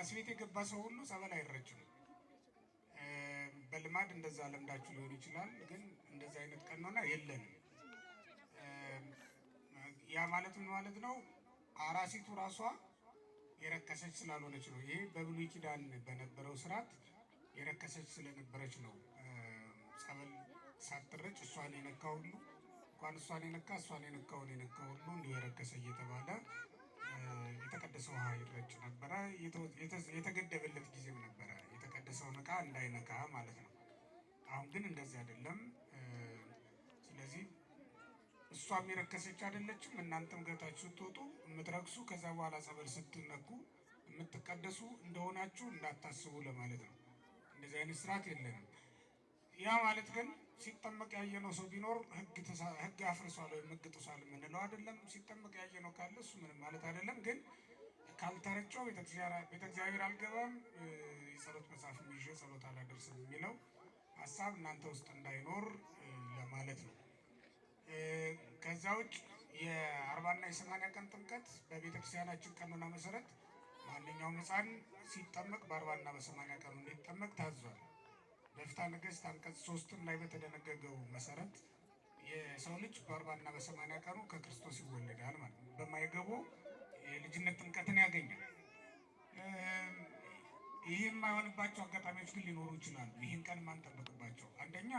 ራስ የገባ ሰው ሁሉ ጸበል አይረጭም። በልማድ እንደዛ ለምዳችሁ ሊሆን ይችላል፣ ግን እንደዛ አይነት ቀኖና የለንም። ያ ማለት ምን ማለት ነው? አራሲቱ ራሷ የረከሰች ስላልሆነች ነው። ይሄ በብሉይ ኪዳን በነበረው ስርዓት የረከሰች ስለነበረች ነው። ጸበል ሳትረጭ እሷን የነካ ሁሉ እንኳን እሷን የነካ እሷን የነካውን የነካ ሁሉ እንዲሁ የረከሰ እየተባለ የተገደበለት ጊዜም ነበረ፣ የተቀደሰውን እቃ እንዳይነካ ማለት ነው። አሁን ግን እንደዚህ አይደለም። ስለዚህ እሷም የረከሰች አይደለችም። እናንተም ገብታችሁ ስትወጡ የምትረክሱ ከዛ በኋላ ጸበል ስትነኩ የምትቀደሱ እንደሆናችሁ እንዳታስቡ ለማለት ነው። እንደዚህ አይነት ስርዓት የለንም። ያ ማለት ግን ሲጠመቅ ያየነው ሰው ቢኖር ህግ አፍርሷል ወይም ህግ ጥሷል የምንለው አይደለም። ሲጠመቅ ያየነው ካለ እሱ ምንም ማለት አይደለም ግን ካልተረጨው ቤተ እግዚአብሔር አልገባም፣ የጸሎት መጽሐፍ ይዤ ጸሎት አላደርስም የሚለው ሀሳብ እናንተ ውስጥ እንዳይኖር ለማለት ነው። ከዛ ውጭ የአርባና የሰማንያ ቀን ጥምቀት በቤተ ክርስቲያናችን ቀኖና መሰረት ማንኛውም ሕፃን ሲጠመቅ በአርባና በሰማንያ ቀኑ እንዲጠመቅ ታዟል። በፍትሐ ነገሥት አንቀጽ ሶስትም ላይ በተደነገገው መሰረት የሰው ልጅ በአርባና በሰማንያ ቀኑ ከክርስቶስ ይወለዳል ማለት ነው። በማይገቡ የልጅነት ይህ የማይሆንባቸው አጋጣሚዎች ግን ሊኖሩ ይችላሉ። ይህን ቀን ማንጠበቅባቸው አንደኛ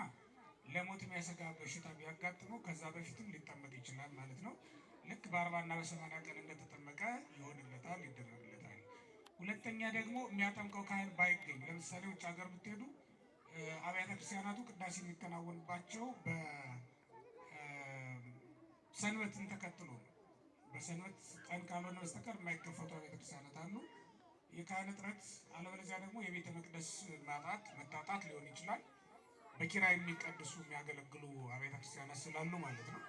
ለሞት የሚያሰጋ በሽታ ቢያጋጥመው ከዛ በፊትም ሊጠመቅ ይችላል ማለት ነው። ልክ በአርባና በሰማንያ ቀን እንደተጠመቀ ይሆንለታል፣ ይደረግለታል። ሁለተኛ ደግሞ የሚያጠምቀው ካህን ባይገኝ፣ ለምሳሌ ውጭ ሀገር ብትሄዱ አብያተ ክርስቲያናቱ ቅዳሴ የሚከናወንባቸው በሰንበትን ተከትሎ ነው። በሰንበት ቀን ካልሆነ በስተቀር የማይከፈቱ አብያተ ክርስቲያናት አሉ። የካህን እጥረት አለበለዚያ ደግሞ የቤተ መቅደስ ማጣት መታጣት ሊሆን ይችላል። በኪራይ የሚቀድሱ የሚያገለግሉ አብያተ ክርስቲያናት ስላሉ ማለት ነው።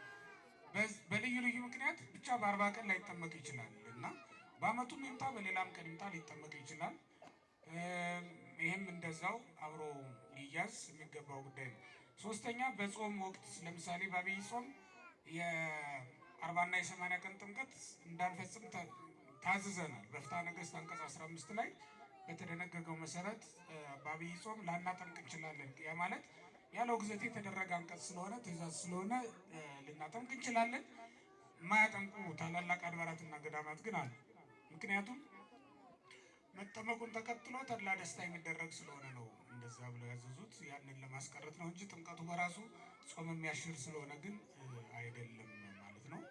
በልዩ ልዩ ምክንያት ብቻ በአርባ ቀን ላይጠመቅ ይችላል እና በአመቱም ይምጣ በሌላም ቀን ይምጣ ሊጠመቅ ይችላል። ይህም እንደዛው አብሮ ሊያዝ የሚገባው ጉዳይ ነው። ሶስተኛ በጾም ወቅት ለምሳሌ በአብይ ጾም የአርባና የሰማንያ ቀን ጥምቀት እንዳንፈጽም ታዝዘናል። በፍትሐ ነገሥት አንቀጽ 15 ላይ በተደነገገው መሰረት በአብይ ጾም ላናጠምቅ እንችላለን። ያ ማለት ያለው ግዘት የተደረገ አንቀጽ ስለሆነ ትእዛዝ ስለሆነ ልናጠምቅ እንችላለን። የማያጠምቁ ታላላቅ አድባራትና ገዳማት ግን አሉ። ምክንያቱም መጠመቁን ተከትሎ ተድላ ደስታ የሚደረግ ስለሆነ ነው እንደዛ ብለው ያዘዙት። ያንን ለማስቀረት ነው እንጂ ጥምቀቱ በራሱ ጾም የሚያሽር ስለሆነ ግን አይደለም ማለት ነው።